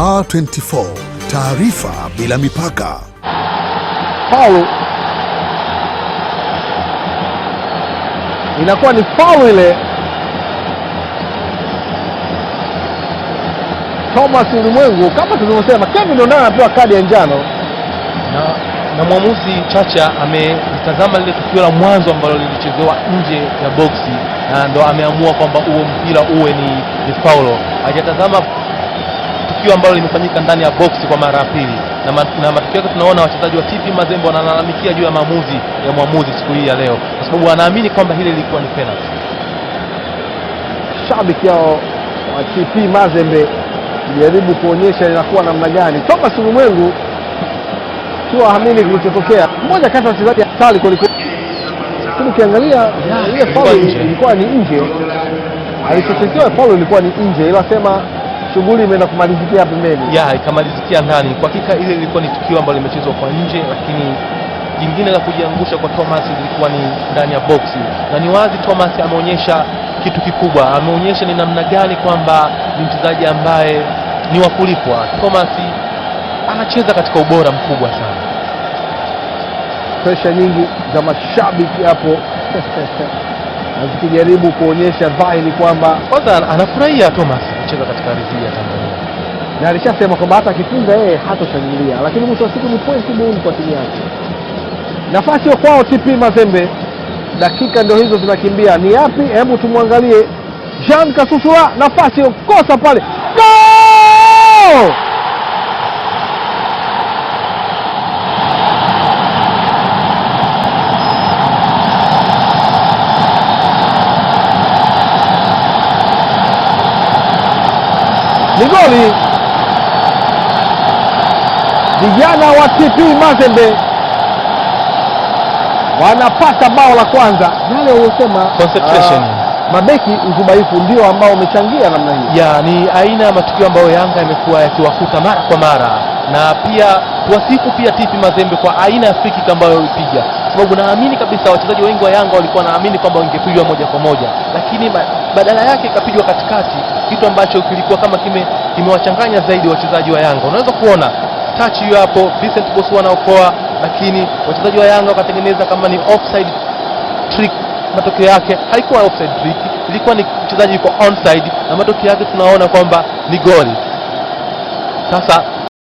Star 24 taarifa bila mipaka. Faulu inakuwa ni faulu ile. Thomas Ulimwengu, kama tulivyosema, Kevin Ondana anapewa kadi ya njano na, na mwamuzi Chacha ametazama lile tukio la mwanzo ambalo lilichezewa nje ya boksi na ndo ameamua kwamba huo mpira uwe ni, ni faulo. Hajatazama tukio ambalo limefanyika ndani ya boksi kwa mara ya pili, na, ma, na matukio yake tunaona wachezaji wa TP Mazembe wanalalamikia juu ya maamuzi ya mwamuzi siku hii ya leo, kwa sababu wanaamini kwamba hili lilikuwa ni penalty. Shabiki yao wa TP Mazembe jaribu kuonyesha inakuwa namna gani. Thomas Ulimwengu kiwa hamini kilichotokea, mmoja kati ya wachezaji hatari kwelikweli. Ukiangalia ile faulu ilikuwa ni nje, alichotokea faulu ilikuwa ni nje, ila sema shughuli imeenda kumalizikia pembeni, ya ikamalizikia ndani. Kwa hakika ile ilikuwa ni tukio ambalo limechezwa kwa nje, lakini jingine la kujiangusha kwa Thomas lilikuwa ni ndani ya boksi, na ni wazi Thomas ameonyesha kitu kikubwa, ameonyesha ni namna gani kwamba ni mchezaji ambaye ni wa kulipwa. Thomas anacheza katika ubora mkubwa sana, presha nyingi za mashabiki hapo zikijaribu kuonyesha dhahiri kwamba kwanza anafurahia Thomas kucheza katika ardhi ya Tanzania, na alishasema kwamba hata akifunga yeye hatoshangilia, lakini mwisho wa siku ni pointi muhimu kwa timu yake. Nafasi ya kwao TP Mazembe, dakika ndio hizo zinakimbia, ni yapi? Hebu tumwangalie Jean Kasusula, nafasi kosa pale, goal! ni goli. Vijana wa TP Mazembe wanapata bao la kwanza. Yale uliosema concentration, uh, mabeki udhibaifu ndio ambao umechangia namna hii ya, ni aina ya matukio ambayo Yanga yamekuwa yakiwakuta mara kwa mara, na pia tuwasifu pia TP Mazembe kwa aina ya free kick ambayo ipiga, sababu naamini kabisa wachezaji wengi wa Yanga walikuwa naamini kwamba wangepigwa moja kwa moja, lakini badala yake ikapigwa katikati kitu ambacho kilikuwa kama kime kimewachanganya zaidi wachezaji wa Yanga. Unaweza kuona touch hiyo hapo, Vincent Bosu anaokoa, lakini wachezaji wa Yanga wakatengeneza kama ni offside trick. Matokeo yake haikuwa offside trick, ilikuwa ni mchezaji yuko onside, na matokeo yake tunaona kwamba ni goli sasa